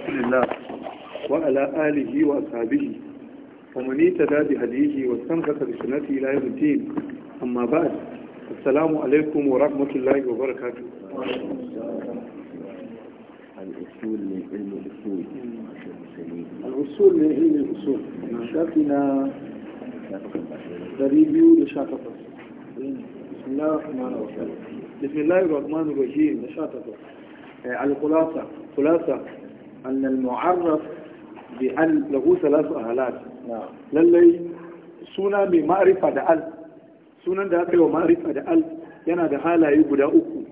رسول الله وعلى آله وأصحابه ومن اهتدى بهديه واستمسك بسنته إلى يوم الدين أما بعد السلام عليكم ورحمة الله وبركاته الأصول من علم الأصول الأصول من علم الأصول شافنا دريبيو لشاتفة بسم الله الرحمن الرحيم بسم الله الرحمن الرحيم لشاتفة آه، على الخلاصة خلاصة أن المعرف بأل له ثلاث أهلات للي سنة بمعرفة دأل سنة دأكل ومعرفة دأل ينا دهالا يبدا أكو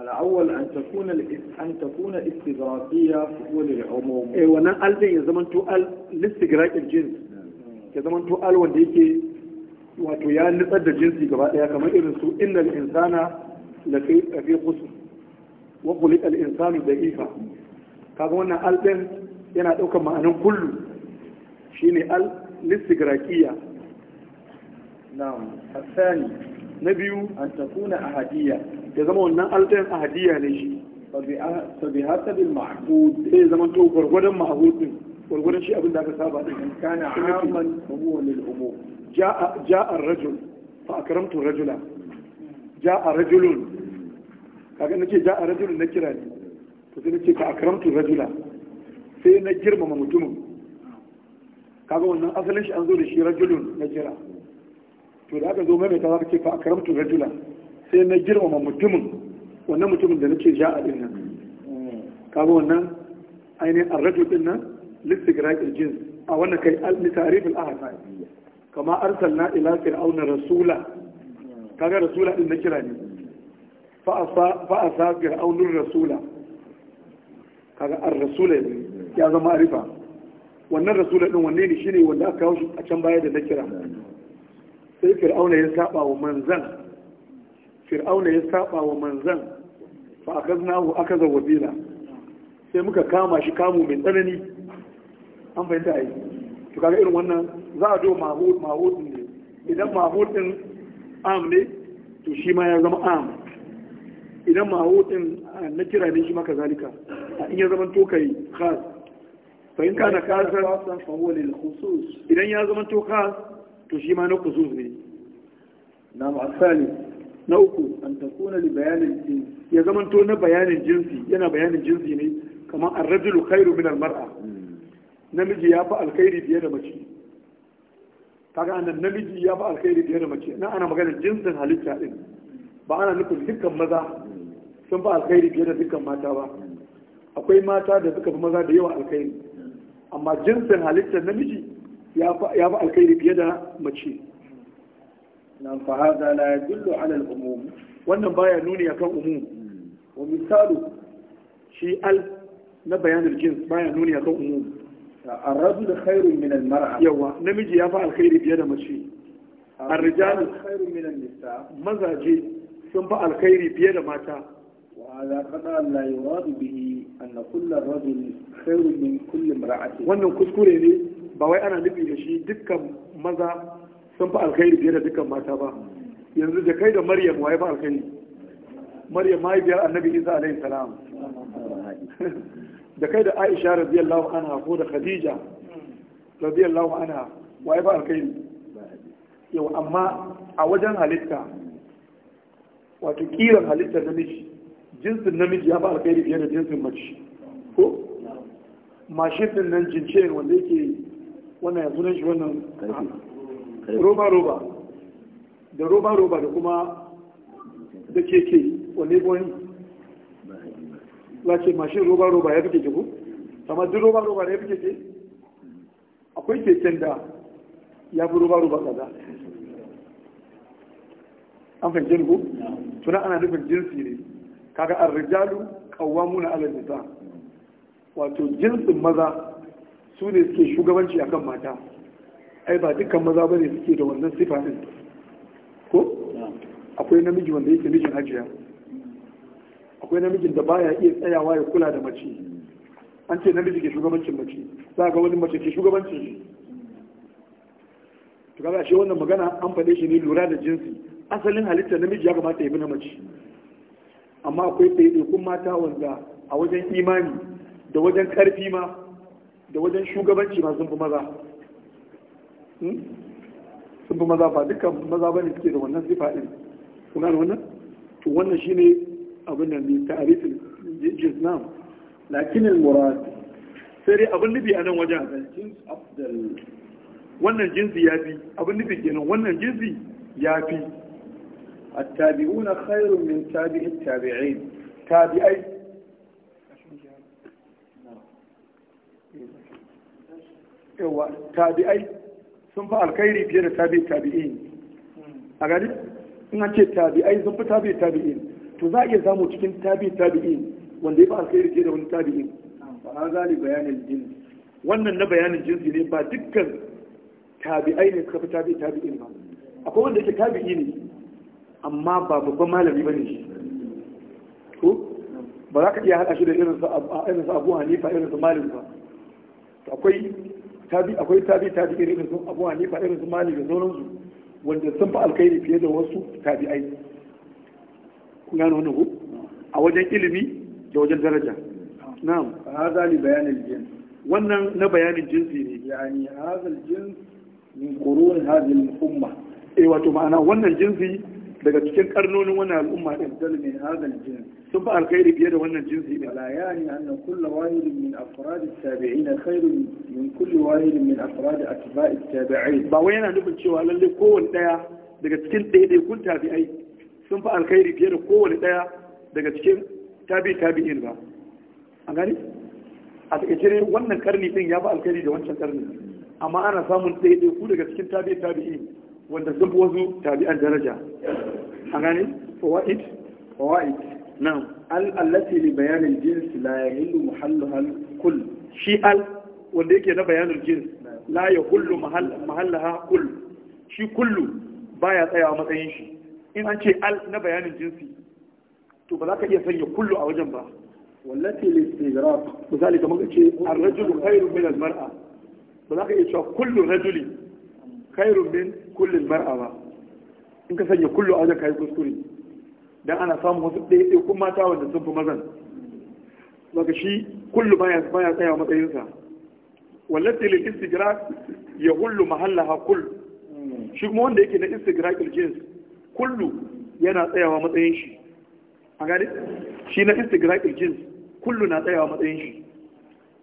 الأول أن تكون أن تكون استدراكية وللعموم إيه وانا أل دي زمن تو أل لاستدراك الجنس كزمن تو أل وديكي wato ya nutsar da jinsi gaba daya kamar irin su innal insana lafi fi qusr wa khuliqa al insanu da'ifa kaga wannan al yana ɗaukar ma'anin kullu shine al listigraqiya na'am asani na biyu an takuna hadiyya ya zama wannan al din ahadiyya ne shi sabi hasabil ma'qud sai zama to gurgurdan ma'qud din gurgurdan shi abin da aka saba din kana amman huwa lil umum jaa jaa rajul fa akramtu rajula jaa rajulun kaga nace jaa rajulun na kira ne sai ce ka akramtu rajula sai na girmama mutumin kaga wannan asalin shi an zo da shi rajulun na jira to da aka zo mai ta zaka ce ka akramtu rajula sai na girmama mutumin wannan mutumin da nake ja a din nan kaga wannan ainihin arrajul din nan listigraq aljins a wannan kai al-tarif al-ahad kama arsalna ila fir'auna rasula kaga rasula din na kira ne fa asa fa asa fir'aunur rasula kaga rasula ne ya zama arifa wannan rasula din wanne ne shine wanda aka kawo shi a can baya da na kira sai fir'auna ya saba wa manzan fir'auna ya saba wa manzan fa akaznahu akaza wabila sai muka kama shi kamu mai tsanani an fahimta ai to kaga irin wannan za a do mahud mahud ne idan mahud din am ne to shi ma ya zama am idan mahud din ah, na kira ne shi maka zalika. in ya zama to kai khas fa in kana kasan fa huwa lil khusus idan ya zama to khas to shi ma na khusus ne na ma'asali na uku an takuna li bayanin jinsi ya zama to na bayanin jinsi yana bayanin jinsi ne kamar ar-rajulu khairu min al-mar'a hmm. namiji ya fi alkhairi fiye da mace kaga annan namiji ya fi alkhairi fiye da mace na ana maganar jinsin halitta din ba ana nufin dukkan maza hmm. sun fi alkhairi fiye da dukkan mata ba akwai mata da suka fi maza da yawa alkhairi amma jinsin halittar namiji ya fi alkhairi fiye da mace nan fa Haza la yadullu ala al-umum wannan baya nuni akan umum wa misalu shi al na bayanin jins baya nuni akan umum Yawa namiji ya المرأة يوا نمجي da mace. بيد مشي الرجال خير من nisa mazaje sun fi alkhairi fiye da mata wa ala kada yuradu bihi wannan kuskure ne ba wai ana nufi da shi dukkan maza sun fi alkhairi fiye da dukkan mata ba yanzu da kai da maryam wa ya fi alkhairi maryam ma mahaifiyar annabi isa alaihi salam da kai da aisha radiyallahu ana ko da khadija ana wa ya fi alkhairi yau amma a wajen halitta wato kiran halittar namiji jinsin namiji ya fi alkhairi fiye da jinsin mace ko mashin din nan jince wanda yake wannan ya nan shi wannan roba roba da roba roba da kuma da keke wani ya wani lace mashin roba roba ya fi keke ko amma duk roba roba da ya fi keke akwai keken da ya fi roba roba kaza an fahimci ko tuna ana nufin jinsi ne kaga ar-rijalu qawwamuna 'ala nisa wato jinsin maza su ne suke shugabanci akan mata ai ba dukkan maza bane suke da wannan sifa din ko akwai namiji wanda yake mijin hajiya akwai namijin da baya iya tsayawa ya kula da mace an ce namiji ke shugabancin mace za ga wani mace ke shugabancin shi to kaga shi wannan magana an faɗe shi ne lura da jinsi asalin halitta namiji ya kamata ya bi na mace amma akwai ɗaiɗaikun mata wanda a wajen imani da wajen ƙarfi ma da wajen shugabanci ma sun fi maza hmm? sun fi maza ba dukkan maza ba ne suke da wannan sifa ɗin kun da wannan to wannan shi ne abin da ne ta'arifin jins nam lakinin murad sai dai abin nufi a nan wajen wannan jinsi ya fi abin nufi kenan wannan jinsi ya fi التابعون خير من تابع التابعين تابعي هو tabi'ai sun fi alkhairi da tabi tabi'in ce tabi'ai sun fi tabi to za a iya samu cikin tabi wanda ya fi da wani ba wannan na bayanin jinsi ne ba dukkan tabi'ai ne suka fi tabi'i, tabi'in ba akwai wanda yake tabi'i ne amma ba babban malami ba ne shi ko ba za ka iya haɗa shi da irin su abu hanifa irin su malik ba akwai tabi akwai tabi tabi irin su abu hanifa irin su malik da sauransu wanda sun fi alkhairi fiye da wasu tabi'ai kun gano wannan ku a wajen ilimi da wajen daraja na'am hadha li bayanin jins wannan na bayanin jinsi ne yani hadha al-jins min qurun hadhihi al-umma eh wato ma'ana wannan jinsi daga cikin karnonin wani al'umma ɗin dal mai hazan jini sun fi alkhairi biye da wannan jinsi ɗin. ne ya yani anna kulla wahid min afrad at-tabi'in khairun min kull wahid min afrad atba'i at-tabi'in ba wai yana nufin cewa lalle kowanne ɗaya daga cikin ɗaiɗaikun tabi'ai sun fi alkhairi fiye da kowanne ɗaya daga cikin tabi tabi'in ba an gani a takaice wannan karni din ya fi alkhairi da wancan karni amma ana samun ɗaiɗaiku daga cikin tabi tabi'in wanda sun fi wasu tabi'an daraja a gane fawaid fawaid na'am al allati li bayan al jins la yahillu mahalluha al kull shi al wanda yake na bayan al jins la yahullu mahallaha kull shi kullu baya tsayawa matsayin shi in an ce al na bayanin jinsi to ba za ka iya sanya kullu a wajen ba wallati listigraf misali kamar ka ce ar-rajulu khairu min al-mar'a ba za ka iya cewa kullu rajuli khairun min kullin mar'a ba in ka sanya kullu a wajen kai kuskure dan ana samun wasu ɗaya kuma mata wanda sun fi mazan daga shi kullu baya baya tsaya matsayinsa wallati lil istigraq yahullu mahallaha kull shi kuma wanda yake na al jins kullu yana tsayawa matsayin shi a gani shi na al jins kullu na tsayawa matsayin shi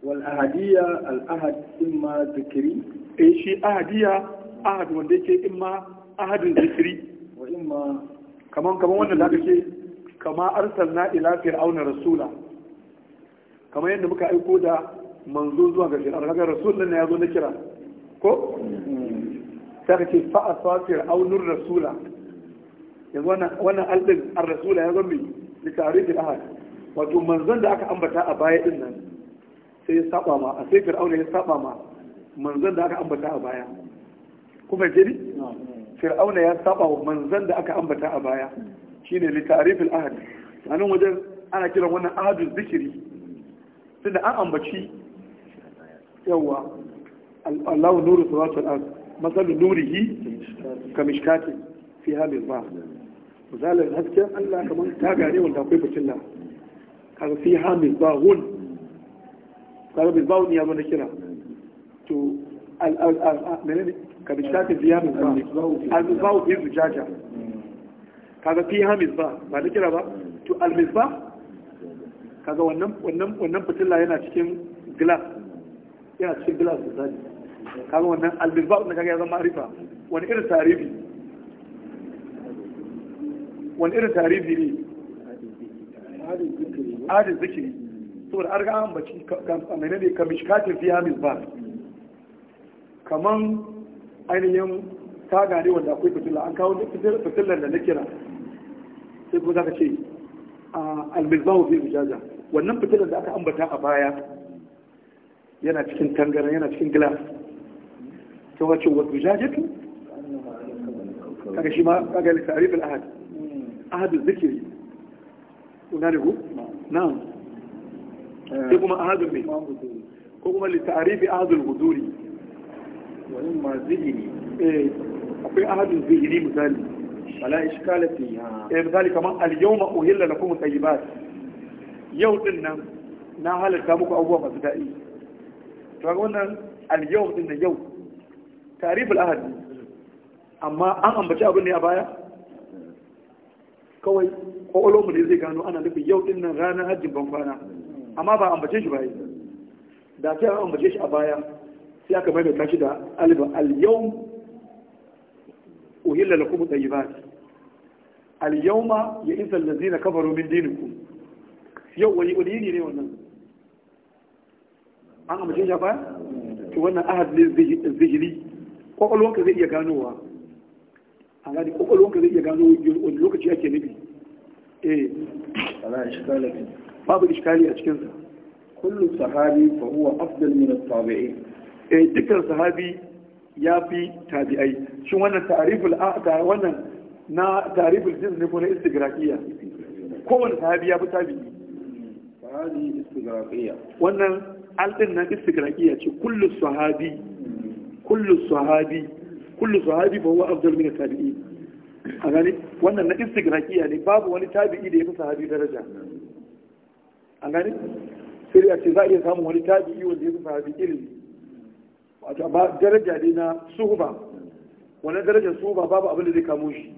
wal ahadiyya al ahad imma dhikri eh shi ahadiyya ahad wanda yake imma ahadin da wa imma kaman kaman wanda zaka ce kama arsalna ila fir'auna rasula kamar yadda muka aiko da manzo zuwa ga fir'auna ga rasul nan ya zo na kira ko mm-hmm. sai ka ce fa asfa fir'aunur rasula yanzu wannan wannan aldin ar-rasula ya zo mai litarifil ahad wato manzon da aka ambata a baya din nan sai ya saba ma a sai fir'auna ya saba ma manzon da aka ambata a baya kuma jiri fir'auna ya saba wa manzan da aka ambata a baya shine li tarifil ahad anan wajen ana kiran wannan ahadu zikiri da an ambaci yawa Allahu nuru samawati wal ard masalu nurihi kamishkati fi halil ba misalin hasken Allah kamar ta gane wanda akwai fitilla kaga fi hamil ba hun kaga bil bawni ya zo na kira to Ka kabishata biya al-misbahu fi zujaja kaga fi ha misbah ba da kira ba to al-misbah kaga wannan wannan fitilla yana cikin glass yana cikin glass misali kaga wannan al-misbah da kaga ya zama arifa wani irin tarihi wani irin tarifi ne adin zikiri saboda an ga an baci kamar ne kamishkatin fi ha misbah kaman ainihin taga ne wanda akwai fitila an kawo fitilan da na kira sai kuma za ka ce a almizbahu fi bujaja wannan fitilan da aka ambata a baya yana cikin tangaran yana cikin glass Ta ka wa wa ujajatu kaga shi ma kaga lissa al-ahad ahad ahad al zikiri kuna ne ku na'am sai kuma ahadun al-mai ko kuma lissa tarif ahadun al-huduri wani ma zihiri eh akwai ahadin zihiri misali wala iskala fi eh misali kamar al yawma uhilla lakum tayyibat yau din nan na halarta muku abubuwa masu daɗi to ga wannan al yawm din da yau tarif al ahad amma an ambaci abin ne a baya kawai kwakwalwar ne zai gano ana nufin yau din nan ranar hajjin ban kwana amma ba ambace shi ba yi da sai an ambace shi a baya sai aka maimaita shi da alba al-yawm uhilla lakum tayyibat al-yawma ya'isa allazina kafaru min dinikum yau wani wani ne wannan an amince shi ba to wannan ahad ne zihiri kwakwalwanka zai iya ganowa a gani kwakwalwanka zai iya gano wani lokaci ake nufi eh babu iskali a cikinsa kullu sahabi fa huwa afdal min at-tabi'in eh dukkan sahabi ya fi tabi'ai shin wannan tariful a'da wannan na tariful jin ne ko na istigraqiya wani sahabi ya fi tabi'i sahabi istigraqiya wannan aldin na istigraqiya ce kullu sahabi kullu sahabi kullu sahabi fa huwa afdal min tabi'i a gani wannan na istigraqiya ne babu wani tabi'i da ya fi sahabi daraja a gani sai ya ce za a iya samun wani tabi'i wanda ya fi sahabi ilimi wato ba daraja ne na suhuba wannan darajar suhuba babu abin da zai kamo shi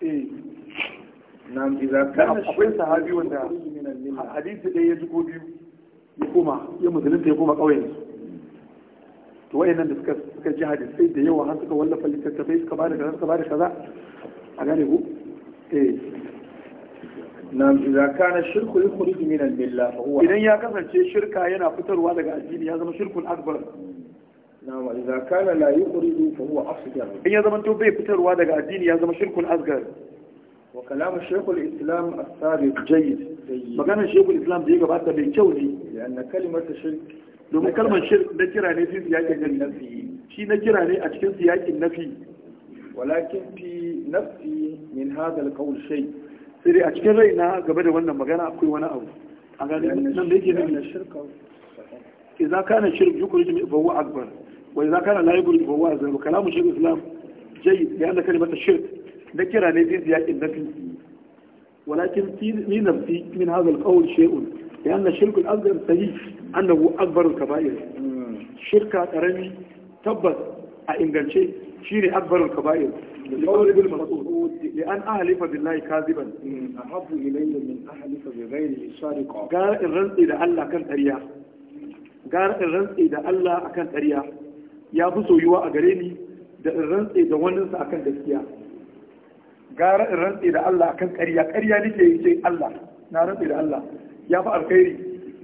eh nam idza akwai sahabi wanda hadisi ɗaya ya zuko biyu ya koma ya musulunta ya koma ƙauyen su to wayannan da suka suka ji sai da yawa har suka wallafa littattafai suka ba da kaza suka ba da kaza a gane ku eh nam idza kana shirku yukhrij min al-billah fa huwa idan ya kasance shirka yana fitarwa daga addini ya zama shirkun akbar na'am idza kana la yuqridu fa huwa asghar in ya zama to bai fitarwa daga addini ya zama shirkul Asgar. wa kalamu shaykhul islam as-sabiq jayyid maganar shaykhul islam da ya gabata bai kyau ne lianna kalmar shirk domin kalmar shirk da kira ne fi siyakin nafi shi na kira ne a cikin siyakin nafi walakin fi nafsi min hadha al-qawl shay sai a cikin raina gaba da wannan magana akwai wani abu a ganin nan da yake nuna shirka idza kana shirk yukrij min fa huwa akbar وإذا كان لا يقول فهو أزل وكلام شيخ الإسلام جيد لأن كلمة الشرك ذكر لدي زيادة النفي ولكن في نفسي من هذا القول شيء لأن الشرك الأصغر صحيح أنه أكبر الكبائر شركة أرمي تبت أإنجلشي شيري أكبر الكبائر لقول ابن مسعود لأن أهلف بالله كاذبا أحب إلي من أهلف بغيره صادقا قال الرزق إذا الله كان أريا قال الرزق إذا الله كان أريا ya fi soyuwa a gare ni da in rantse da waninsa akan gaskiya gara in rantse da Allah akan ƙarya ƙarya nake yi ce Allah na rantse da Allah ya fi alkhairi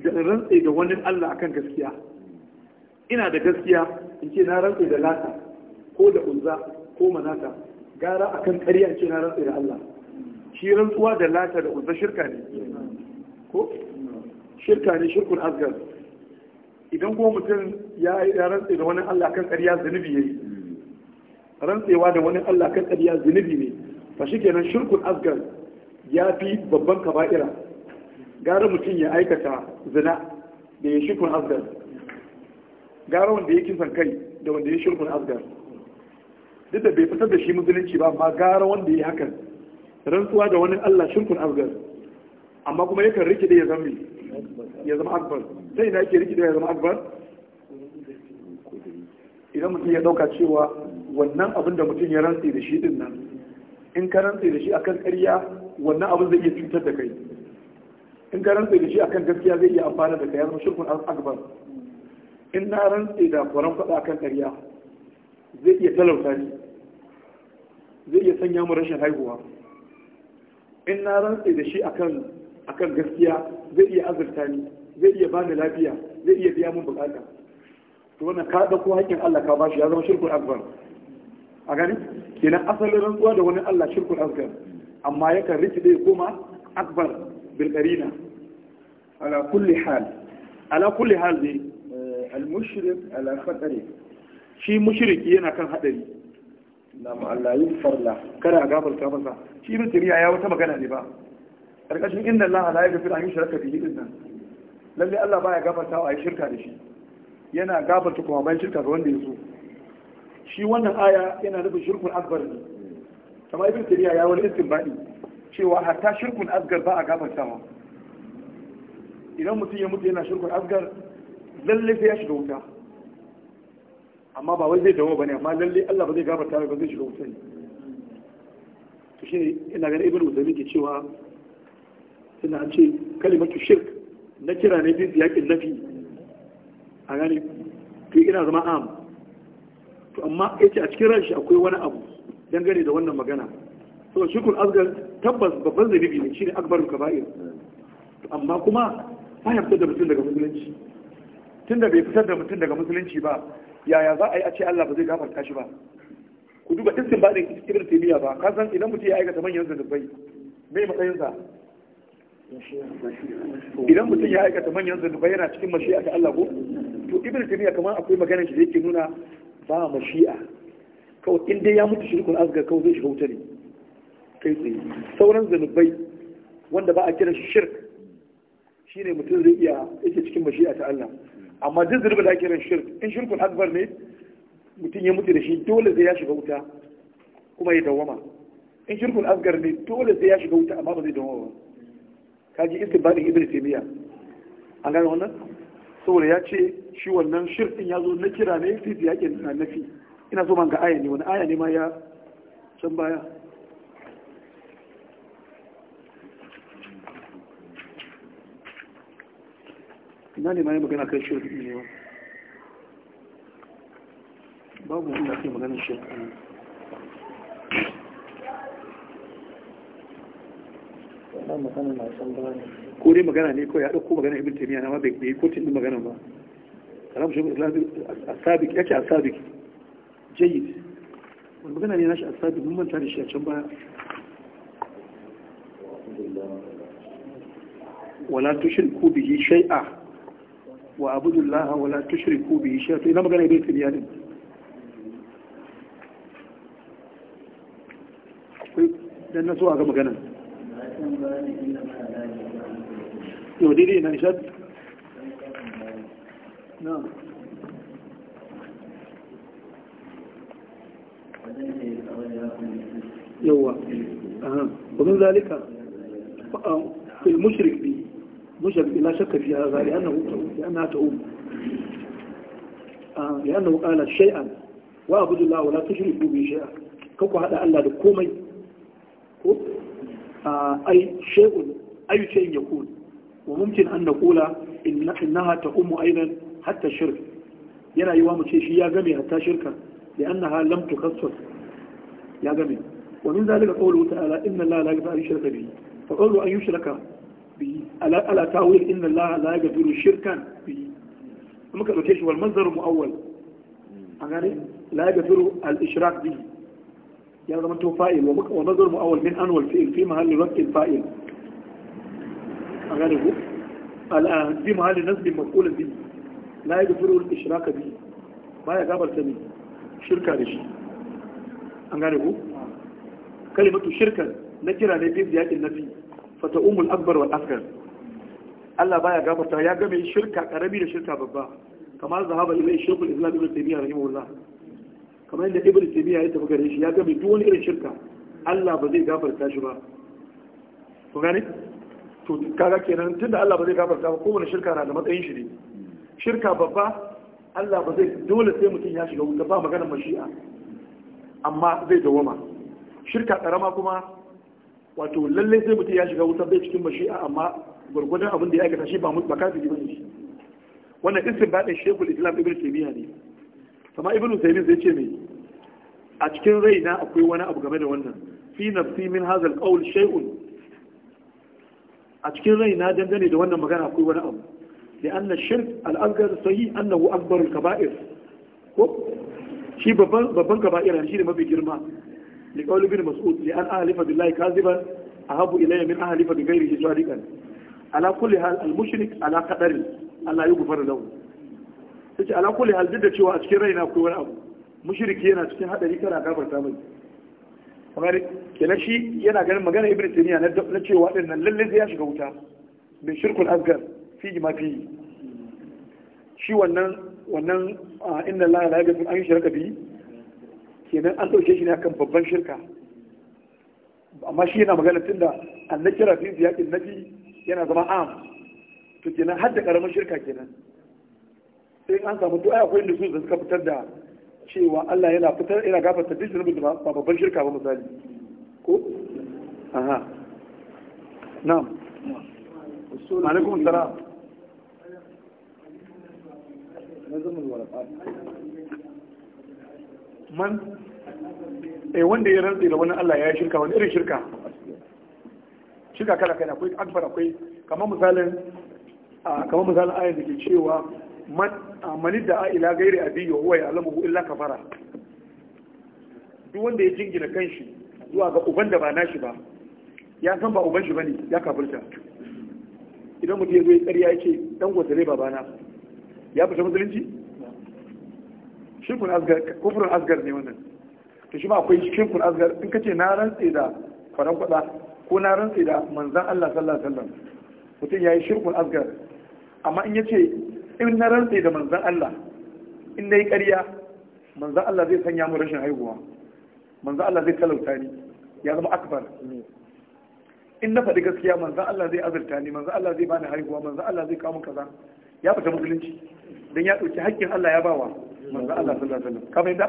da in rantse da wani Allah akan gaskiya ina da gaskiya in ce na rantse da lata ko da uzza ko manata gara akan ƙarya in ce na rantse da Allah shi rantsuwa da lata da uzza shirka ne ko shirka ne shirkun azgar idan kuma mutum ya da rantse da wani Allah kan ƙarya zunubi ne rantsewa da wani Allah kan ƙarya zunubi ne fa shikenan shirkun asgar ya fi babban kaba'ira gara mutum ya aikata zina da ya shirkun asgar gara wanda ya kisan kai da wanda ya shirkun asgar duk da bai fitar da shi musulunci ba amma gara wanda ya hakan rantsuwa da wani Allah shirkun asgar amma kuma yakan kan ya zama ya zama akbar Zai na yake rikida ya zama akbar idan mutum ya dauka cewa wannan abin da mutum ya rantse da shi din nan in ka rantse da shi akan ƙarya wannan abin zai iya cutar da kai in ka rantse da shi akan gaskiya zai iya amfana da kai ya shirkun akbar in na rantse da kwaron faɗa akan ƙarya zai iya talauta ni zai iya sanya mu rashin haihuwa in na rantse da shi akan akan gaskiya zai iya azurta ni zai iya bani lafiya zai iya biya mun bukata to wannan ka dauko haƙƙin Allah ka bashi ya zama shirkul akbar a gani kenan asalin rantsuwa da wani Allah shirkul akbar amma yakan rikide kuma akbar bil qarina ala kulli hal ala kulli hal dai eh, al mushrik ala khatari shi mushriki yana kan hadari nam Allah yin farla kada a gafarta masa shi mutum tiriya ya wata magana ne ba karkashin inna Allah la yaghfiru an yushraka bihi dinnan lalle Allah baya gafarta wa shirka da shi yana gafarta kuma bayan shirka ga wanda ya so shi wannan aya yana nufin shirkun akbar ne kamar ibn tariya ya wani istinbadi cewa hatta shirkun asgar ba a gafartawa idan mutum ya mutu yana shirkun asgar lalle sai ya shiga wuta amma ba wai zai dawo bane amma lalle Allah ba zai gafarta ba zai shiga wuta ne to shi ina ganin ibn uzaimi ke cewa ina an ce kalimatu shirk na kira ne fi yakin nafi a gani kai ina zama am to amma yace a cikin ranshi akwai wani abu dangane da wannan magana so shirkul asgar tabbas babban zunubi ne shine akbarul kaba'ir amma kuma ba ya fitar da mutum daga musulunci tunda bai fitar da mutum daga musulunci ba yaya za a yi a ce Allah ba zai gafarta shi ba ku duba ba ibn taymiya ba ka san idan mutum ya aikata manyan zunubai me matsayinsa idan mutum ya aikata manyan zunubai yana cikin mashi'a ta Allah ko to ibnu taymiya kamar akwai magana shi da yake nuna ba mashi'a kawai in dai ya mutu shirkun azgar kawai zai shiga wuta ne kai tsaye sauran zunubai wanda ba a kira shi shirk shine mutum zai iya yake cikin mashi'a ta Allah amma duk zunubin da ake kiran shirk in shirkun asgar ne mutum ya mutu da shi dole zai ya shiga wuta kuma ya dawama in shirkun asgar ne dole zai ya shiga wuta amma ba zai dawama ba kaji istibadin ibn taymiya an gane wannan saboda ya ce shi wannan shirkin ya zo na kira ne fi da yakin na nafi ina so man ga aya ne wani aya ne ma ya can baya ina ne ma ya magana kan shirkin ne babu wanda ake maganin shirkin ko dai magana ne kawai ya ɗauko magana ibn taymiya na ma bai yi kotun din magana ba kalam shi asabik yake asabik jayyid wani magana ne nashi asabik mun manta da shi a can baya wala tushriku bihi shay'a wa abudullaha wala tushriku bihi shay'a to ina magana ibn taymiya ne akwai dan na zuwa ga maganan يهديني إلى نشد نعم يوا ومن ذلك في المشرك به مشرك لا شك في هذا لأنه لأنها تؤوم لأنه قال شيئا وأعبد الله ولا تشركوا به شيئا كوكو هذا ألا لكومي أي شيء أي شيء يكون وممكن أن نقول إن إنها تقوم أيضا حتى الشرك ينا يوام شيء يا جميع حتى شركا لأنها لم تخصص يا جميع ومن ذلك قوله تعالى إن الله لا يغفر أن يشرك به فقوله أن يشرك به ألا, ألا تأويل إن الله لا يغفر شركا به ممكن أن تشوى المصدر المؤول أغاني لا يغفر الإشراك به ya zama to fa'il wa muka wa nazar mu'awwal min anwal fi'il fi mahalli rafin fa'il a gane ku al'an ah, fi mahalli nasbin maqulun bi la yaghfiru al-ishraka bi baya gabarta ne shirka da shi an gane ku kalimatu shirka na kira ne bi ziyakin nafi fata umul akbar wal asghar Allah baya gabata ya game shirka karami da shirka babba kamar zahaba ilai shirkul islam ibn taymiyyah rahimahullah kamar yadda ibn tabiya ya tafi gare shi ya ga duk wani irin shirka Allah ba zai gafarta shi ba ku gane to kaga kenan tunda Allah ba zai gafarta ba kowane shirka na da matsayin shi ne shirka babba Allah ba zai dole sai mutum ya shiga wuta ba maganar mashi'a amma zai dawama shirka karama kuma wato lalle sai mutum ya shiga wuta bai cikin mashi'a amma gurgurdan abin da ya aikata shi ba mutum ba kafiri bane shi wannan istinbadin shekul islam ibn taymiya ne sama ibn usaimin zai ce me, a cikin raina akwai wani abu game da wannan fi nafsi min hazal qawl shay'un a cikin raina dangane da wannan magana akwai wani abu da anna shirk al-asghar sahih annahu akbar al-kaba'ir ko shi babban babban kaba'ira shi ne mafi girma li qawl ibn mas'ud li an ahlifa billahi kaziban ahabu ilayya min ahlifa bi ghairihi sadiqan ala kulli hal al-mushrik ala qadari Allah yughfaru lahu tace ala kulli hal duk da cewa a cikin raina akwai wani abu mushriki yana cikin hadari kana gafarta mai kamar kenan shi yana ganin magana ibn taymiya na cewa din nan lalle zai shiga wuta mai shirkul asgar fi ma fi shi wannan wannan inna lillahi la yaghfiru an yushraka bihi kenan an dauke shi ne akan babban shirka amma shi yana magana tunda annakira fi ziyakin nabi yana zama am to kenan har da karamin shirka kenan sai an samu duk akwai inda da suka fitar da cewa Allah yana fitar yana gafarta duk zunubin da ba babban shirka ba misali ko aha na'am alaikum salam man eh wanda ya rantsi da wani Allah ya shirka wani irin shirka shirka kala kai akwai akbar akwai kamar misalin ah, kamar misalin ayar da ke cewa man da ila gairi biyu wa huwa ya'lamu illa kafara duk wanda ya jingina kanshi zuwa ga uban da ba nashi ba ya san ba uban shi bane ya kafirta idan mutum ya zo ya ƙarya yake dan gwata ne babana ya fita musulunci shirkun asgar kufurin asgar ne wannan to shi ma akwai shirkun asgar in kace na rantse da faran kwada ko na rantse da manzon Allah sallallahu alaihi wasallam mutum yayi shirkun asgar amma in yace in na rantse da manzan Allah in na yi ƙarya manzan Allah zai sanya mu rashin haihuwa manzan Allah zai talauta ni ya zama akbar in na faɗi gaskiya manzan Allah zai azurta ni manzan Allah zai bani haihuwa manzan Allah zai kawo kaza ya fita musulunci dan ya ɗauki haƙƙin Allah ya bawa manzan Allah sallallahu alaihi wasallam kamar yadda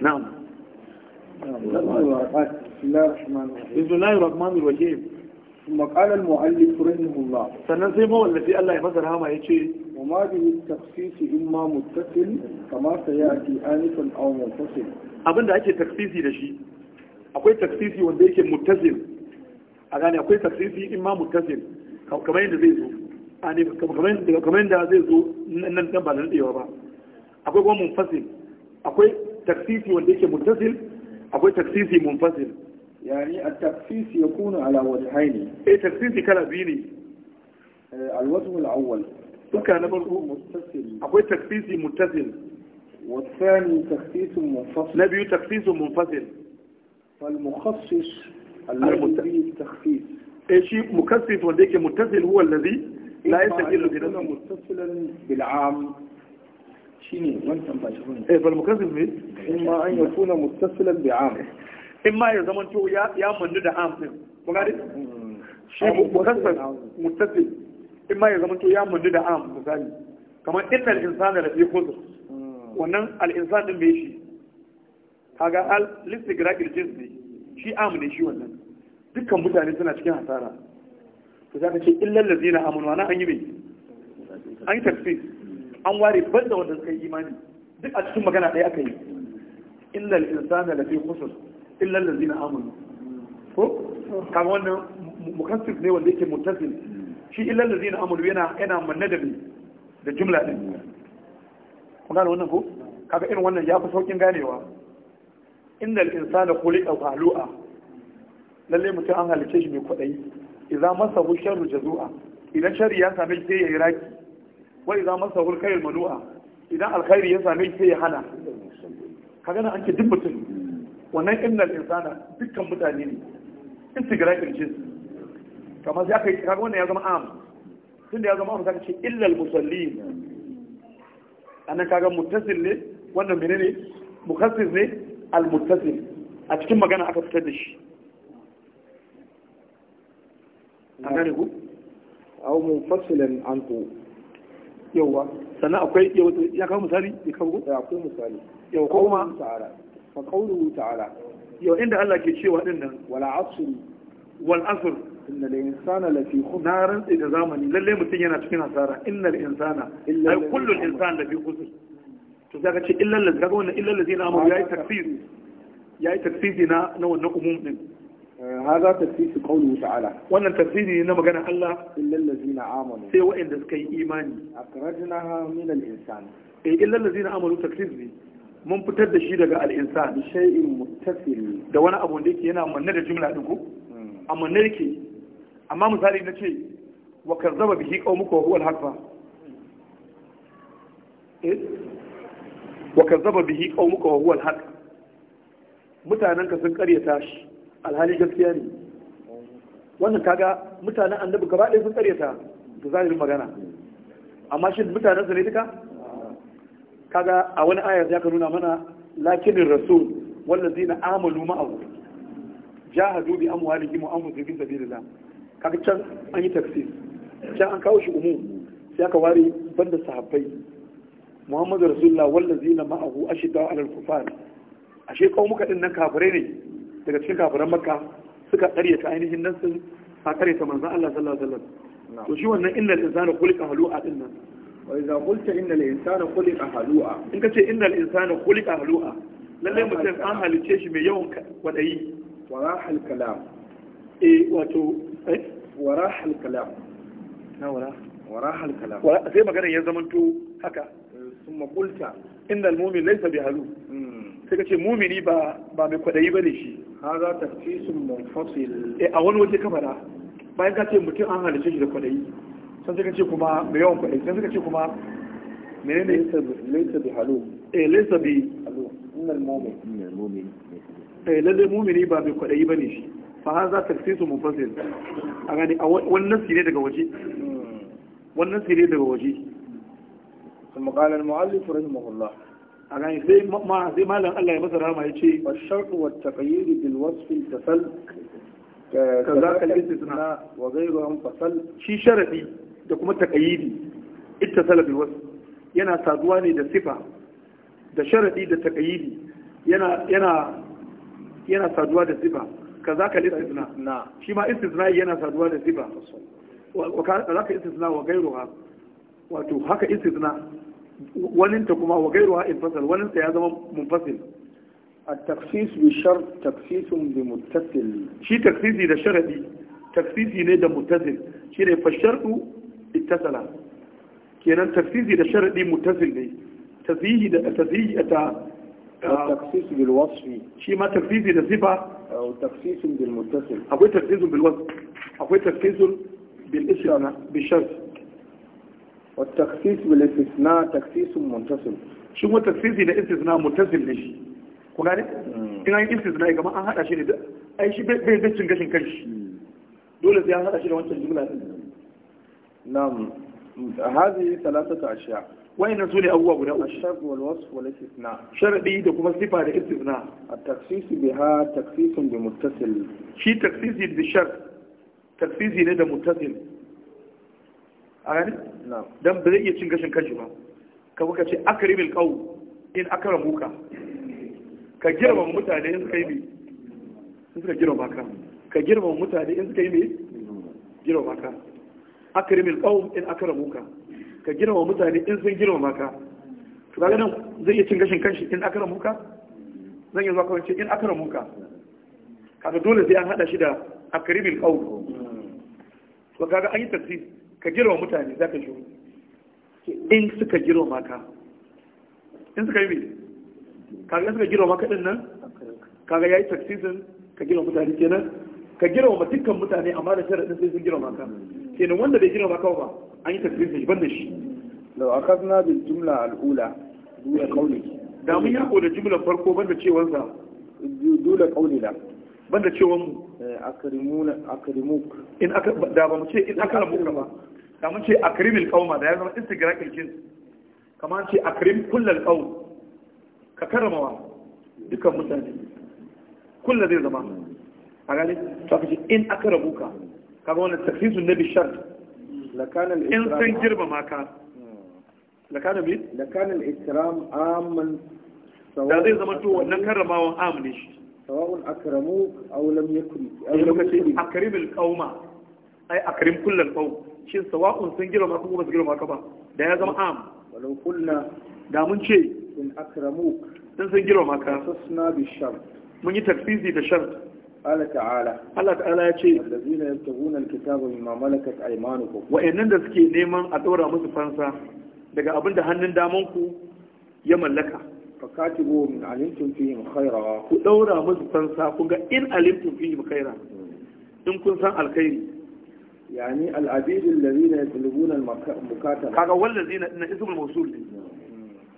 na'am بسم الله الرحمن الرحيم مقال المؤلف رحمه الله sannan sai mawallafi Allah ya masa rahama yace wa ma bi tafsisi imma muttasil kama sayati anifan aw muttasil abinda ake tafsisi da shi akwai tafsisi wanda yake muttasil a gane akwai tafsisi imma muttasil kamar yadda zai zo anif kamar yadda zai zo nan ba da dadewa ba akwai kuma akwai tafsisi wanda yake akwai يعني التخصيص يكون على وجهين ايه تخصيصي كلا بيني آه، الوجه الأول duka na متصل ابو taksisi متصل والثاني تخصيص منفصل لا بيو تخصيص منفصل فالمخصص الذي فيه التخصيص اي شيء مكثف وديك متصل هو الذي لا يستقل بنفسه متصلا بالعام شنو وانت مباشرون ايه فالمكثف إيه؟ اما ان يكون متصلا بعام in ma ya to ya manni da ham din kuma gane shi mutasil mutasil in ma ya to ya manni da am misali kamar inna al-insana lafi khusr hmm. wannan al-insan din me shi kaga al listigraqil jins ne shi am ne shi wannan dukkan mutane suna cikin hasara to zaka ce illal zina amanu wannan an yi me an yi tafsir an ware banda wanda suka yi imani duk a cikin magana ɗaya aka yi innal insana lafi khusr illal ladina amanu ko kaga wannan mukassif ne wanda yake muttasil shi illal ladina amanu yana yana manne da da jumla din kun gane wannan ko kaga irin wannan ya fi saukin ganewa innal insana khuliqa halu'a lalle mutum an halice shi mai kwadayi idza masa hushar jazua idan shari ya same shi sai ya raki wa idza masa alkhairu manu'a idan alkhairi ya same shi sai ya hana kaga nan an ce duk mutum wannan innal insana dukkan mutane ne intigralin jins kamar sai aka yi kaga wannan ya zama am tun da ya zama am zaka ce illal musallin anan kaga muttasil ne wannan menene mukassir ne al muttasil a cikin magana aka fitar da shi an gane ku aw munfasilan anhu yawa sannan akwai ya kawo misali ya kawo akwai misali yawa ko ma fa ta'ala yau inda Allah ke cewa ɗin nan wala asr wal asr inna insana lafi na da zamani lalle mutum yana cikin hasara inna da insana ai kullul insan lafi khusr to zaka ce illa lazi wannan illa na yayi takfir yayi takfir na na wannan umum din هذا تفسير قوله تعالى وانا تفسيري انما كان الله الا الذين امنوا سي وين ده ايماني اخرجناها من الانسان الا الذين امنوا mun fitar da shi daga da shay'in mutafil da wani abu da yake yana manne da jumla ɗin ku hmm. a ne yake amma misali na ce wa zaba bihi qaumuka wa huwa al eh? wa eh zaba bihi qaumuka wa huwa al mutanen ka sun karyata shi alhali gaskiya ne wannan kaga mutanen annabi gaba ɗaya sun karyata da zahirin magana amma shi mutanen su ne duka kaga a wani ayar ya ka nuna mana lakinin rasul wallazina amalu ma'ahu jahadu bi amwalihim wa anfusihim fi sabilillah kaga can an yi tafsir can an kawo shi umum sai aka ware banda sahabbai muhammadu rasulullah wallazina ma'ahu ashidda alal kufar ashe kaumuka din nan kafirai ne daga cikin kafiran makka suka tsare ta ainihin nan sun a ta manzon Allah sallallahu alaihi wasallam to shi wannan innal insana khuliqa halu'a din nan wa idza qulta in kace innal insana halu'a lalle mutum an halice shi mai yawan kwadayi wa rahal kalam eh wato eh wa rahal kalam na sai magana ya zamanto haka eh, summa qulta innal mu'min laysa bi halu hmm. sai mu'mini ba ba mai kwadayi ne shi hada tafsisun munfasil eh a wani waje kamara bayan ka ce mutum an halice shi da kwadayi sai suka ce kuma mai yawan kuɗi sai suka ce kuma mene ne laisa bi halu eh laisa bi halu innal mu'min innal mu'min eh lalle mu'mini ba bai kuɗi bane shi fa ha za ta tafsiru mufassir a gani a wannan sire daga waje wannan sire daga waje kuma qala al mu'allif rahimahullah a gani zai ma sai malam Allah ya masa rama ya ce wa shartu wa taqyid bil wasf tasal كذلك الاستثناء وغيرهم fasal? Shi sharafi. da kuma taqayidi ita salafi wasu. yana saduwa ne da sifa da sharadi da taqayidi yana yana yana saduwa da sifa ka lil istisna na shi ma istisna yana saduwa da sifa wa kazaka istisna wa ha? wato haka istisna waninta kuma wa in infasal waninta ya zama mun munfasil التخصيص بشرط تخصيص بمتصل شي تخصيصي ده شرطي تخصيصي ne da muttasil shine fa shartu اتصل كان التفسير الى الشرع دي متصل دي تفيه دا تفيه اتا التخصيص آه. بالوصف شيء ما تفسير الى صفه او تخصيص بالمتصل اقوى تخصيص بالوصف اقوى تخصيص بالاسم بالشرط والتخصيص بالاستثناء تخصيص متصل شو ما تخصيص الى استثناء متصل ليش كنا كنا استثناء يا جماعه هذا شيء اي شيء بيتشنجشن كل شيء دول زي هذا شيء لو انت الجمله nam hadhihi thalathatu ashya wa'in su ne abubuwa guda uku ashar wal wasf wal istisna sharadi da kuma sifa da istisna at taksis biha taksisun bi muttasil shi taksisi bi shar taksisi ne da muttasil a gani dan ba zai iya cin gashin kanshi ba ka buka ce akrimil qaw in akramuka ka girmama mutane in suka yi bi in suka ka girmama mutane in suka yi bi girmama ka akrimil qawm in akramuka ka girma mutane in sun girma maka to kaga nan zai iya cin gashin kanshi in akramuka zan yi zuwa kawai in akramuka kaga dole sai an hada shi da akrimil qawm to kaga an yi tafsir ka girma mutane zaka shi in suka girma maka in suka yi me kaga suka girma maka din nan kaga yayi tafsirin ka girma mutane kenan ka girma dukkan mutane amma da sharaɗin sai sun girma ka kenan wanda bai girma ka ba an yi takfir shi ban da shi law akhadna bil jumla al ula dole qawli da mun yako da jumlar farko ban da cewar sa dole qawli da. ban da cewar mu eh, akrimuna akrimuk in aka da ba mu ce in aka rabu ba da mun ce akrimil qauma da ya zama istigraqil jins kamar ce akrim kullal qaum ka karamawa dukkan mutane kullu zai zama أغاني تقول إن أقربوك كمان التكفير النبي الشرط لكان الإسرام إن تجرب ما كان لكان بيت لكان الإسرام آمن سواء هذا زمان تو نكر ما هو آمنش سواء أكرموك أو لم يكن أو لم يكن أكرم القوم أي أكرم كل القوم شين سواء سنجرب ما كان ولا سنجرب ما كان ده زمان آم ولو قلنا da mun ce in akramuk sun sun girma maka sun suna bi shar mun yi tafsiri da shar قال تعالى الله تعالى يتي الذين يبتغون الكتاب مما ملكت ايمانكم وانن da suke neman a dora musu fansa daga abinda hannun damanku ya mallaka fakatibu min alimtum fihim khaira ku ɗaura musu fansa kun ga in alimtum fihim khaira in kun san alkhairi yani al'abid alladhina yatlubuna al-mukataba kaga wallazina inna ismul mawsul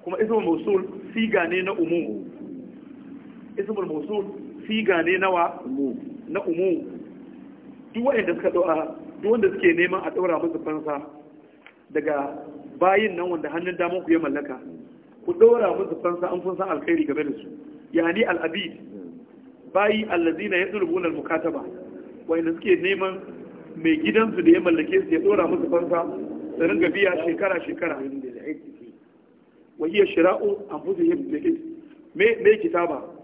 kuma ismul mawsul siga ne na umum ismul mawsul siga ne nawa na umu duk wanda suka doa ah, duk wanda suke neman a daura musu fansa daga bayin nan wanda hannun damar ku ya mallaka ku daura musu fansa an fansa alkhairi game da su yani al-abid mm. bayi allazina yadrubuna al-mukataba wanda suke neman mai gidansu da ya mallake su ya daura musu fansa su ringa biya shekara shekara wa hiya shira'u anfusihim bi me me kitaba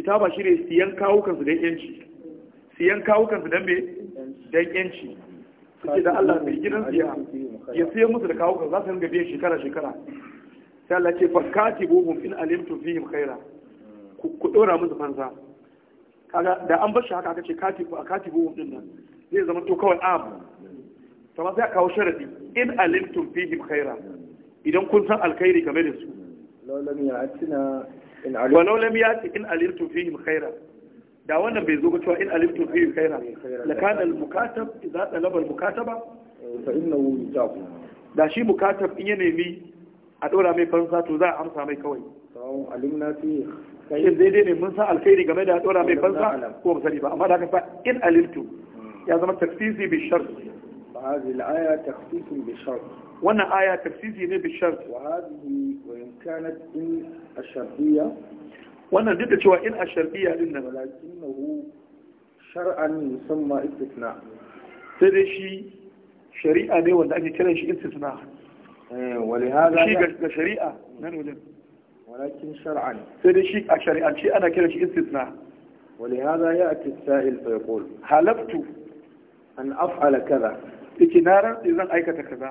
kitaba shi ne siyan kawukansu don yanci siyan kawukansu don me don yanci suke da Allah mai gidan siya ya siya musu da kawukan za su ringa biyan shekara shekara sai Allah ce fakati buhum in alimtu fihim khaira ku dora musu fansa kaga da an bar shi haka aka ce kati a akati buhum din nan zai zama to kawai am to sai kawo sharadi in alimtu fihim khaira idan kun san alkhairi game da su law lam ya'tina walau lam yati in alimtum fihim khaira da wannan bai zo ga cewa in alimtum fihim khaira la kana al mukatab idza talaba al mukataba fa innahu yutab da shi mukatab in ya nemi a dora mai fansa to za a amsa mai kawai sawun alimna fi shin daidai ne mun san alkhairi game da dora mai fansa ko ba sani ba amma da haka fa in alimtum ya zama taksisi bi shart fa hadhihi al aya taksisi bi shart wannan aya tafsiri ne bishar wannan duk da cewa in a sharbiya din nan walakinahu shar'an musamma istisna sai dai shi shari'a ne wanda ake kiran shi istisna ولهذا شيء كشريعة نقول ولكن شرعا سيدي شيء شرعا شيء أنا كده شيء استثناء ولهذا يأتي السائل فيقول حلفت أن أفعل كذا إذا أيكت كذا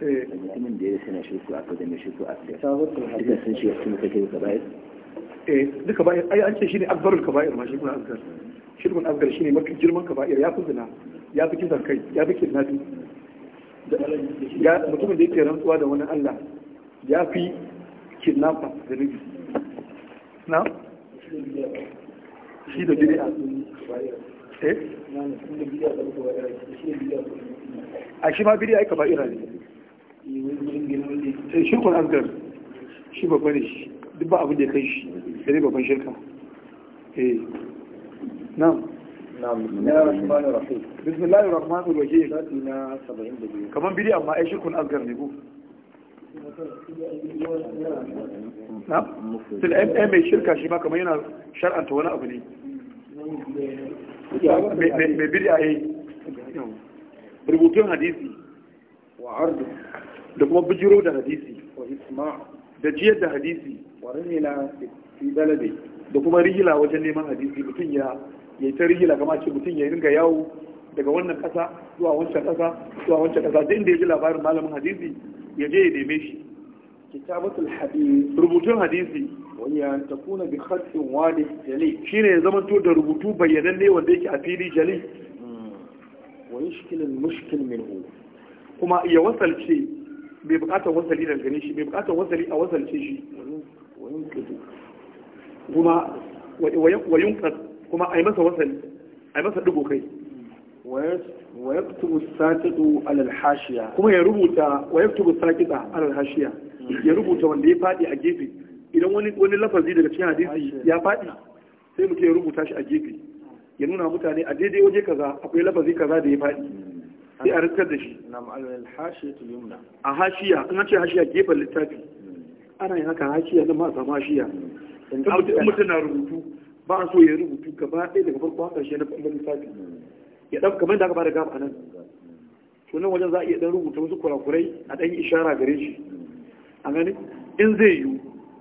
da eh. mutumin da ya suna shirku a da mai shirku a kai duka sun shi wasu muka kai kaba'ir eh duka ba'ir ai an ce shine akbarul kaba'ir ma shirkun asgar shirkun asgar shine mafi girman kaba'ir ya fi zina ya fi kisan kai ya fi kidnabi mutumin da yake rantsuwa da wani Allah ya fi kidnapper da nufi na? shi da bid'a a shi ma bid'a ka ba'ira ne shirkun asgar shi babba ne shi duk ba abin da ya kai shi da dai babban shirka eh na'am bismillahir rahmanir rahim kaman bidi amma ai shirkun asgar ne ko na til ai mai shirka shi ma kamar yana shar'anta wani abu ne mai bidi ai rubutun hadisi wa ardu da kuma bijiro da hadisi da jiya da hadisi da kuma rihila wajen neman hadisi mutum ya yi ta rihila kama ce mutum ya ringa yawo daga wannan kasa zuwa wancan kasa zuwa wancan kasa duk inda ya ji labarin malamin hadisi ya je ya neme shi kitabatul hadisi. rubutun hadisi wani ta takuna bi khatin wadi jali shine ya zamanto da rubutu bayyananne wanda yake a fili jali hmm. wa yashkil mushkil minhu kuma ya wasalce bai bukatar wasali da gani shi bai bukatar wasali a wasalce shi kuma wayun kas kuma a yi masa wasali a yi masa dugo kai wa yaktubu saqitu alal hashiya kuma ya rubuta wa yaktubu saqita alal hashiya ya rubuta wanda ya fadi a gefe idan wani wani lafazi daga cikin hadisi ya fadi sai mutum rubuta shi a gefe ya nuna mutane a daidai waje kaza akwai lafazi kaza da ya fadi sai a rikar da shi a hashiya an ce hashiya gefen littafi hmm. ana yin haka hashiya na masu hashiya hmm. in mutum na rubutu ba a so ya rubutu gaba ɗaya daga farko haka shi na littafi hmm. ya ɗauka kamar da aka bada gaba nan to nan wajen za a iya ɗan rubuta wasu kurakurai a ɗan ishara gare shi a gani in zai yiwu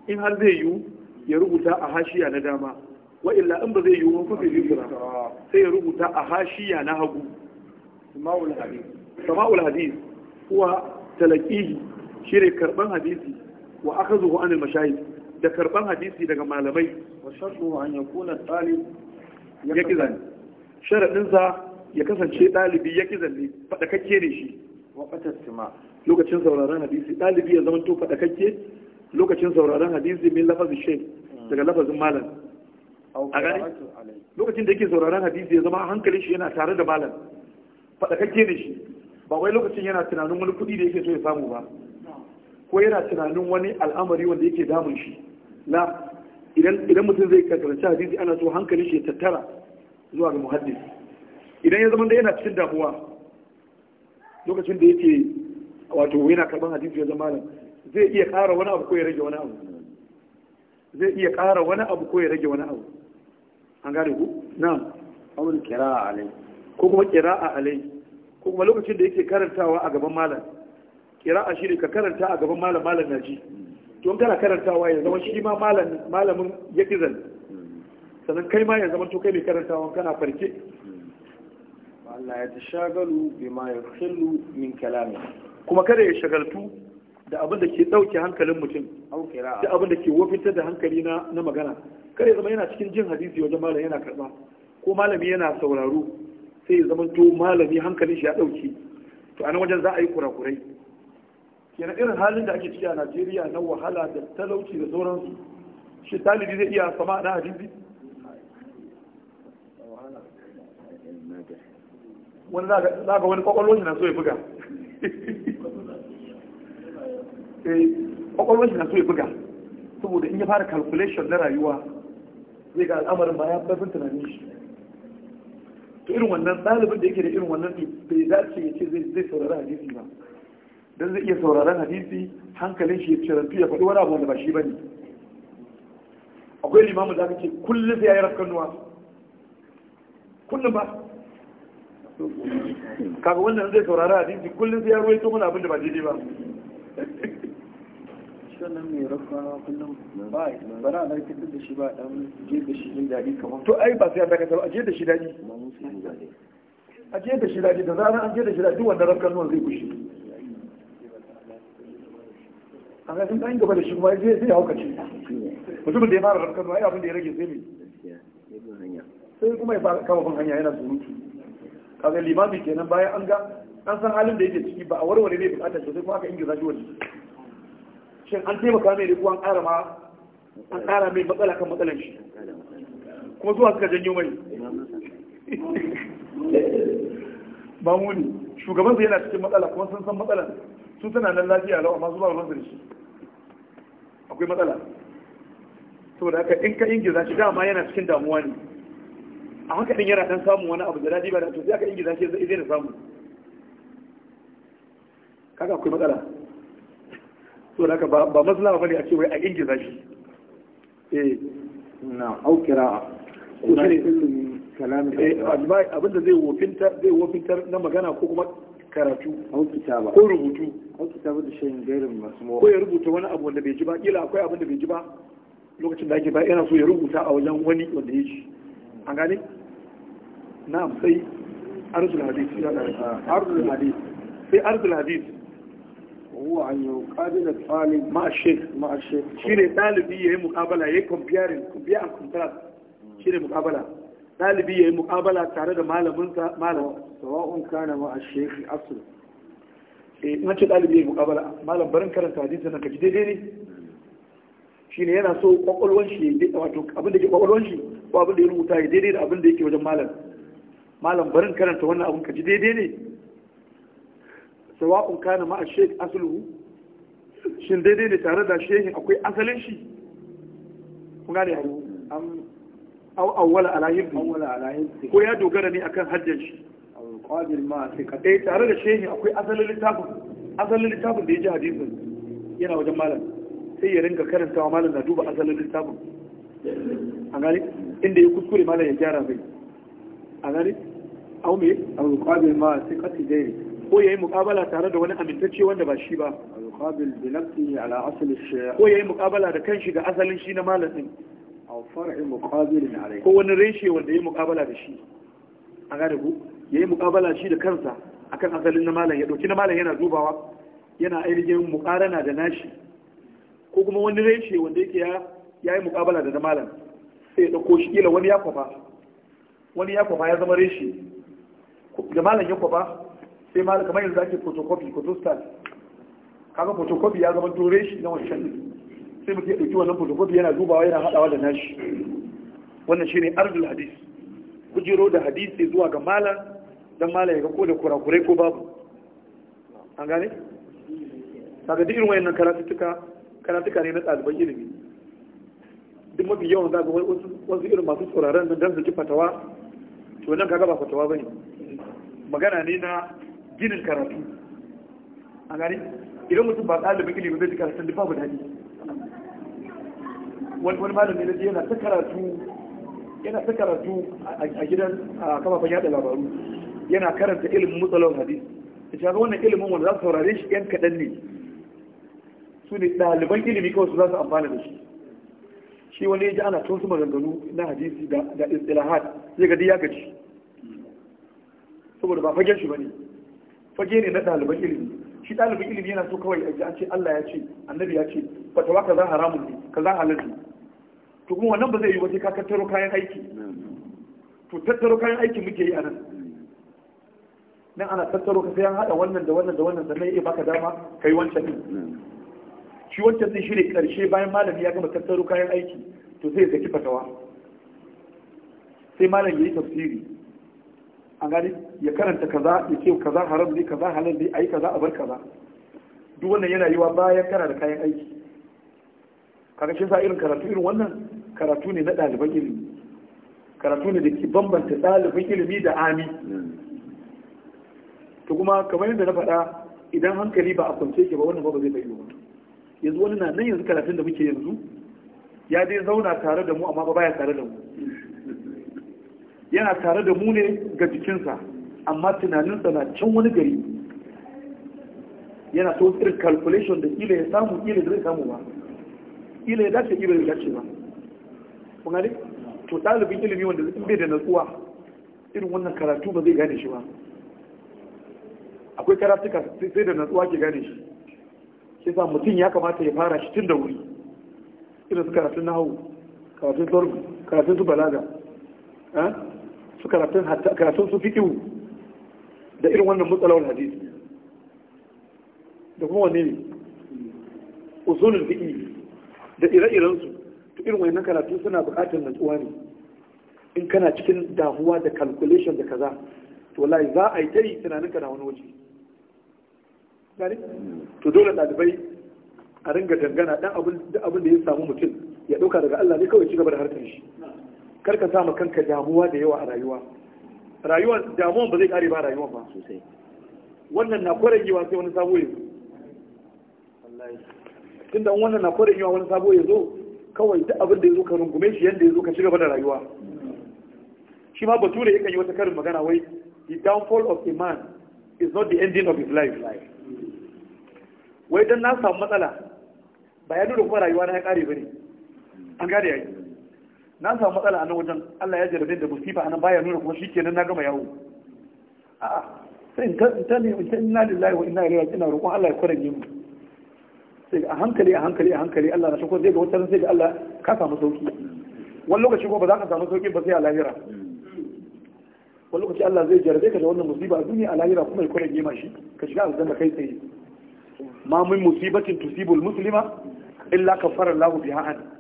in har zai yiwu ya rubuta a hashiya na dama wa in ba zai yiwu wani kafin sai ya rubuta a hashiya na hagu sama'ul hadisi sama'ul hadis huwa talaqihi shine karban hadisi wa akhadhuhu an al-mashayikh da karban hadisi daga malamai wa shartu an yakuna talib yakizan sharadin sa ya kasance dalibi yakizan ne fadakakke ne shi wa sama lokacin sauraron hadisi dalibi ya zama to fadakakke lokacin sauraron hadisi min lafazi shay daga lafazin malam a gani lokacin da yake sauraron hadisi ya zama hankalin shi yana tare da malam faɗakakke ne shi ba wai lokacin yana tunanin wani kuɗi da yake so ya samu ba ko yana tunanin wani al'amari wanda yake damun shi la idan mutum zai karanci hadisi ana so hankali shi ya tattara zuwa ga muhaddis idan ya zama da yana cikin damuwa lokacin da yake wato yana karban hadisi ya zama zai iya ƙara wani abu ko ya rage wani abu zai iya ƙara wani abu ko ya rage wani abu an gane ku na'am awul kira alaikum ko kuma kira'a alai ko kuma lokacin da yake karantawa a gaban malam kira'a shi ne ka karanta a gaban malam malam na ji to kana karantawa ya zama shi ma malamin ya kizan sannan kai ma ya zama to kai mai karantawa kana farke Allah ya tashagalu bima yakhillu min kalami kuma kada ya shagaltu da abin da ke dauke hankalin mutum da abin da ke wofintar da hankali na magana kada ya zama yana cikin jin hadisi wajen malam yana karba ko malami yana sauraro sai ya zama to malami hankalin shi ya dauki to a nan wajen za a yi kurakurai kenan irin halin da ake ciki a najeriya na wahala da talauci da sauransu shi talibi zai iya sama na hadisi wani za ga wani kwakwalwashi na so ya buga kwakwalwashi eh, na so ya buga saboda in ya fara calculation na rayuwa zai ga al'amarin ba ya babin tunanin shi to irin wannan ɗalibin da yake da irin wannan bai dace ya ce zai saurari hadisi ba don zai iya sauraron hadisi hankalin shi ya cirantu ya faɗi wani abu wanda ba shi ba ne akwai limamin da aka ce kullum sai ya yi rafkan nuwa kullum ba kaga wannan zai saurari hadisi kullum sai ya ruwaito mana abin da ba daidai ba A nan mai rafa kullum ba ba na fitar da shi ba dan je da shi daɗi kamar to ai ba sai an dakatar a je da shi daɗi a je da shi daɗi da zarar an je da shi daɗi wanda nuwan zai bushe a ga sun gaba da shi kuma zai zai hauka ce mutumin da ya fara rafkan nuwa abin da ya rage sai mai sai kuma ya fara kama hanya yana surutu kaga limami kenan bayan an ga an san halin da yake ciki ba a warware ne bukatar sosai kuma aka ingiza shi wani shin an taimaka mai ko an ƙara an mai matsala kan matsalan shi kuma zuwa suka janyo mai ba muni shugaban zai yana cikin matsala kuma sun san matsalan sun tana nan lafiya lau amma zuwa ruwan shi akwai matsala saboda haka in ka ingiza shi dama yana cikin damuwa ne a haka din yana dan samun wani abu da daɗi ba da to sai aka ingiza shi zai da samu kaga akwai matsala so da haka ba maslaha bane a ce wai a ingiza shi eh na aukira qira'a ko sai kalamin eh, zai wofintar zai wofintar na magana ko kuma karatu ko rubutu au da shayin gairin mawa. ko ya rubuta wani abu wanda bai ji ba kila akwai abin da bai ji ba lokacin da ake ba yana so ya rubuta a wajen wani wanda ya ji an gane na sai arzul hadith arzul hadith sai arzul hadith هو أن يقابل ya yi الشيخ مع الشيخ شيري طالب هي مقابلة هي ya yi كونتراست tare da طالب هي مقابلة تعرض مالمن مالم سواء ce ɗalibi ya mukabala malam barin karanta hadisin na ka ji daidai ne shi ne yana so kwakwalwan shi wato abin da ke kwakwalwan shi ko abin da ya rubuta ya daidai da abin da yake wajen malam malam barin karanta wannan abin ka ji daidai ne sawa'un kana ma'a sheik asulu shin daidai ne tare da shehin akwai asalin shi kun gane yaro An aw awwala alayhi awwala alayhi ko ya dogara ne akan hajjin shi qadir ma sai ka dai tare da shehin akwai asalin littafin asalin littafin da ya ji hadisin yana wajen malam sai ya ringa karantawa malam na duba asalin littafin an gari, inda ya kuskure malam ya gyara bai an gari aume. me aw qadir ma sai ka tijeri ko yayi mukabala tare da wani amintacce wanda ba shi ba yuqabil bi nafsihi ala asl ko yayi mukabala da kanshi ga asalin shi na malamin aw far'i muqabil alayhi ko wani reshe wanda yayi mukabala da shi a ga da ku yayi mukabala shi da kansa akan asalin na malam ya dauki na malam yana dubawa yana ainihin muqarana da nashi ko kuma wani reshe wanda yake ya yayi mukabala da na malam sai ya dauko shi kila wani ya kwafa wani ya kwafa ya zama reshe da malam ya kwafa sai ma kamar yanzu ake photocopy photostat kaga photocopy ya zama dore shi na wancan sai muke ya ɗauki wannan photocopy yana dubawa yana hadawa da nashi wannan shine ardul hadis kujiro da hadisi zuwa ga malam dan mala ya ga ko da kurakurai ko babu an gane kaga duk irin wayannan karatuka karatuka ne na ɗaliban ilimi duk mafi yawan za ga wasu irin masu tsoraran nan dan su ci fatawa to nan kaga ba fatawa bane magana ne na ginin karatu a gani idan mutum ba ɗalibin ilimin zai ji karatun da babu daɗi wani wani malami na yana ta karatu yana ta karatu a gidan kafafen yada labaru yana karanta ilimin mutsalon hadis da shaga wannan ilimin wanda za su saurare shi yan kaɗan ne su ne ɗaliban ilimi kawai su za su amfana da shi shi wani ya ji ana tun su maganganu na hadisi da istilahat zai gadi ya gaji saboda ba fagen shi ba ne fage ne na ɗaliban ilimi shi ɗalibin ilimi yana so kawai a an ce Allah ya ce annabi ya ce fatawa za haramun ne ka za halarci to kuma wannan ba zai yi ba ka tattaro kayan aiki to tattaro kayan aiki muke yi a nan nan ana tattaro ka sai an haɗa wannan da wannan da wannan sannan ba baka dama kai wancan din shi wancan din shine karshe bayan malami ya gama tattaro kayan aiki to zai zaki fatawa sai malam ya yi tafsiri an gani ya karanta kaza ya ce kaza haram ne kaza halal ne ayi kaza a bar kaza duk wannan yana yiwa bayan kana da kayan aiki kaga shi sa irin karatu irin wannan karatu ne na ɗaliban ilimi karatu ne da ke bambanta ɗaliban ilimi da ami to kuma kamar yadda na faɗa idan hankali ba a kwance ke ba wannan ba zai bayyana yanzu wani na nan yanzu karatun da muke yanzu ya dai zauna tare da mu amma ba baya tare da mu yana tare da mu ne ga jikinsa amma tunaninsa na can wani gari yana ta wasu irin calculation da kila ya samu kila da zai samu ba kila ya dace kila ya dace ba kun ne to ɗalibin ilimi wanda zai bai da natsuwa irin wannan karatu ba zai gane shi ba akwai karatuka sai da natsuwa ke gane shi sai sa mutum ya kamata ya fara shi tun da wuri irin su karatun nahu, karatun zorbi karatun su balaga eh? su karatun su fiƙiwu da irin wannan matsalawar hadisi da kuma wanne ne usulul fiƙi da ire-irensu to irin wannan karatu suna buƙatar natsuwa ne in kana cikin damuwa da calculation da kaza to lai za a yi ta yi tunanin ka na wani waje gani to dole ɗalibai a ringa dangana ɗan abin da ya samu mutum ya ɗauka daga Allah ne kawai ci gaba da harkar shi karka sa kanka damuwa da yawa a rayuwa rayuwa damuwan ba zai kare ba rayuwa ba sosai wannan na kwarewa sai wani sabo yanzu tun da wannan na kwarewa wani sabo yanzu kawai duk abin da zo ka rungume shi yadda ya zo ka ci gaba da rayuwa shi ma bature yakan yi wata karin magana wai the downfall of a man is not the ending of his life wai don na samu matsala ba ya nuna kuma rayuwa na ya kare ba ne, an gane yayi na samu matsala a nan wajen Allah ya jarabe da musifa a nan baya nuna kuma shikenan na gama yawo a'a sai in ta ne in ta inna lillahi wa inna ilaihi ina roƙon Allah ya kwarage mu sai a hankali a hankali a hankali Allah na shakon zai ga wata sai ga Allah ka samu sauki wani lokaci ko ba za ka samu sauki ba sai a lahira wani lokaci Allah zai jarabe ka da wannan musiba a duniya a lahira kuma ya kwarage ma shi ka shiga aljanna kai tsaye ma min musibatin tusibul muslima illa kafara Allah biha an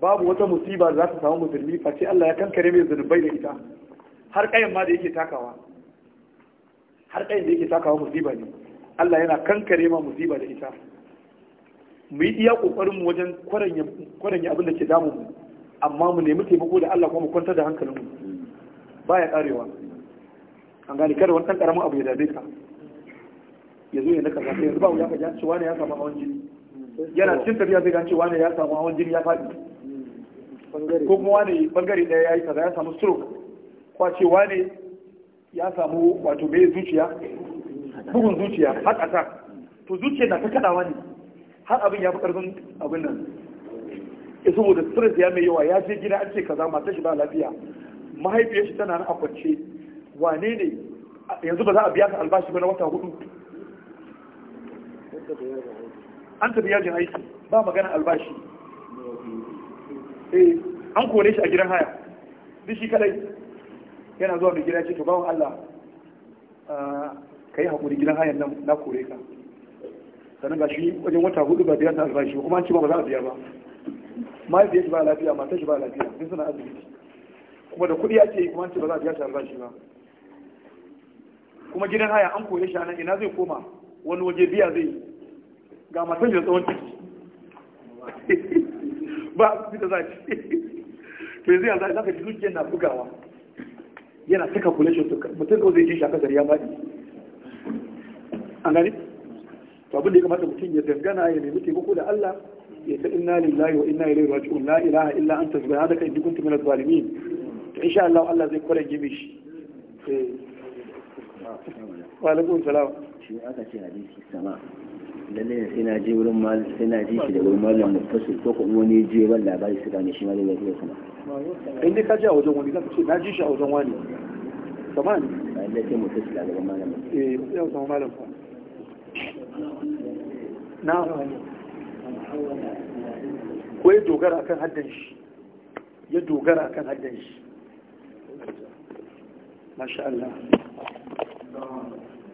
babu wata musiba za ta samu musulmi face Allah ya kankare mai zunubai da ita har kayan ma da yake takawa har kayan da yake takawa musiba ne Allah yana kankare ma musiba da ita mu yi iya kokarin mu wajen kwaranya abin da ke damu mu amma mu nemi taimako da Allah kuma mu kwantar da hankalinmu baya karewa an gani kada wani ɗan ƙaramin abu ya dabe ka ya zo ya naka zafi yanzu ba wuya ka ji cewa ya samu hawan jini yana cin tafiya zai ga cewa ne ya samu hawan jini ya faɗi ko kuma wani bangare ɗaya ya yi kaza ya samu stroke kwa ce wani ya samu wato bai zuciya bugun zuciya har ƙasa to zuciya na ta wani ne har abin ya fi ƙarfin abin nan ya eh, saboda stress ya mai yawa ya je gida an ce kaza matar shi ba lafiya mahaifiyar shi tana nan a kwance wane ne yanzu ba za a biya ka albashi ba na wata hudu an tafi yajin aiki ba magana albashi Eh, an kore shi a gidan haya duk shi kadai yana zuwa mai gida ce to bawon Allah ka yi haƙuri gidan hayan nan na kore ka sannan ga shi wajen wata hudu ba biya ta albashi kuma an ce ba ba za a biya ba mahaifiyar shi ba lafiya matar shi ba lafiya sun suna azumi kuma da kuɗi ake yi kuma an ce ba za a biya ta albashi ba kuma gidan haya an kore shi nan ina zai koma wani waje biya zai ga matan da tsawon ciki ba abinci da za ci to yanzu yanzu za ka ji zuciyar na bugawa yana ta calculation mutum kawai zai ji shaka zariya baɗi an gani to abin da ya kamata mutum ya dangana ya nemi taimako da Allah ya ta inna lillahi wa inna ilaihi raji'un la ilaha illa anta subhanaka inni kuntu minaz zalimin to insha Allah Allah zai kore gibi shi eh. wa alaikum salam shi aka ce hadisi sama Lallai sai na je wurin mal sai na ji shi da wurin mallam mufassir ko kuma wani je ban labari su gane shi ma zai iya kuma in dai ka je a wajen wani zaka ce na ji shi a wajen wani kaman lalle sai mufassir a gaban mallam eh yau sama mallam fa na ko ya dogara akan haddan shi ya dogara akan haddan shi masha Allah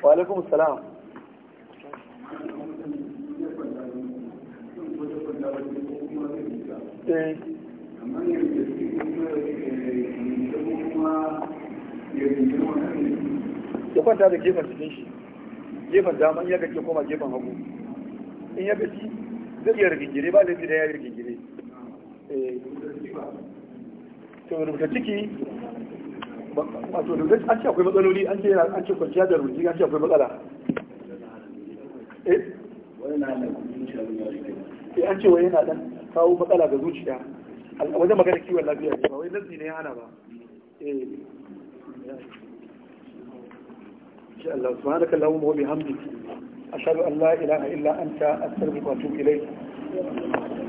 wa alaikum salam Eh. ya kwanta da gefen cikin shi gefen dama in ya gaji koma gefen hagu in ya gaji zai iya rigingire ba zai da ya rigingire eh. to rubuta ciki wato rubuta an ce akwai matsaloli an ce an ce kwanciya da rubuta an ce akwai matsala eh sai an cewa yana dan kawo matsala ga zuciya wajen magana kiwon lafiya ba wai nazi ne ya hana ba eh. insha Allah subhanaka allahumma wa bihamdika ashhadu an la ilaha illa anta astaghfiruka wa atubu